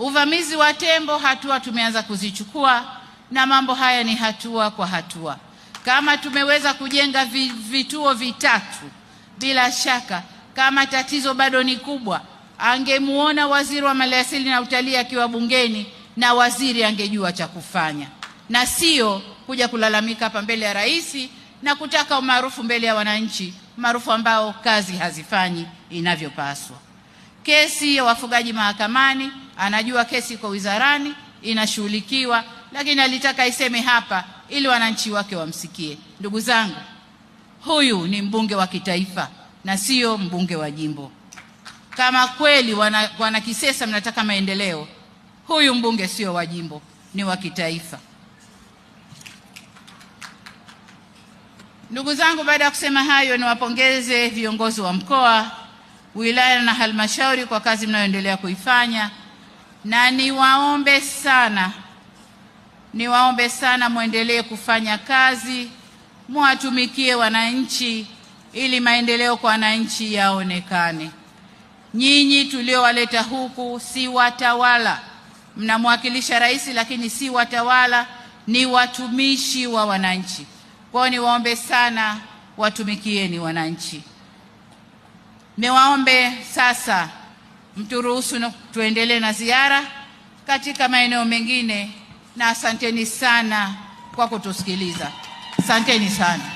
Uvamizi wa tembo, hatua tumeanza kuzichukua, na mambo haya ni hatua kwa hatua. Kama tumeweza kujenga vituo vitatu, bila shaka kama tatizo bado ni kubwa, angemuona waziri wa maliasili na utalii akiwa bungeni na waziri angejua cha kufanya, na sio kuja kulalamika hapa mbele ya rais na kutaka umaarufu mbele ya wananchi, maarufu ambao kazi hazifanyi inavyopaswa. Kesi ya wafugaji mahakamani anajua kesi iko wizarani inashughulikiwa, lakini alitaka iseme hapa ili wananchi wake wamsikie. Ndugu zangu, huyu ni mbunge wa kitaifa na sio mbunge wa jimbo. Kama kweli wana, wana Kisesa mnataka maendeleo, huyu mbunge sio wa jimbo, ni wa kitaifa. Ndugu zangu, baada ya kusema hayo, niwapongeze viongozi wa mkoa, wilaya na halmashauri kwa kazi mnayoendelea kuifanya na niwaombe sana, niwaombe sana mwendelee kufanya kazi, mwatumikie wananchi ili maendeleo kwa wananchi yaonekane. Nyinyi tuliowaleta huku si watawala, mnamwakilisha rais, lakini si watawala, ni watumishi wa wananchi. Kwao niwaombe sana, watumikieni wananchi. Niwaombe sasa mturuhusu na tuendelee na ziara katika maeneo mengine, na asanteni sana kwa kutusikiliza. Asanteni sana.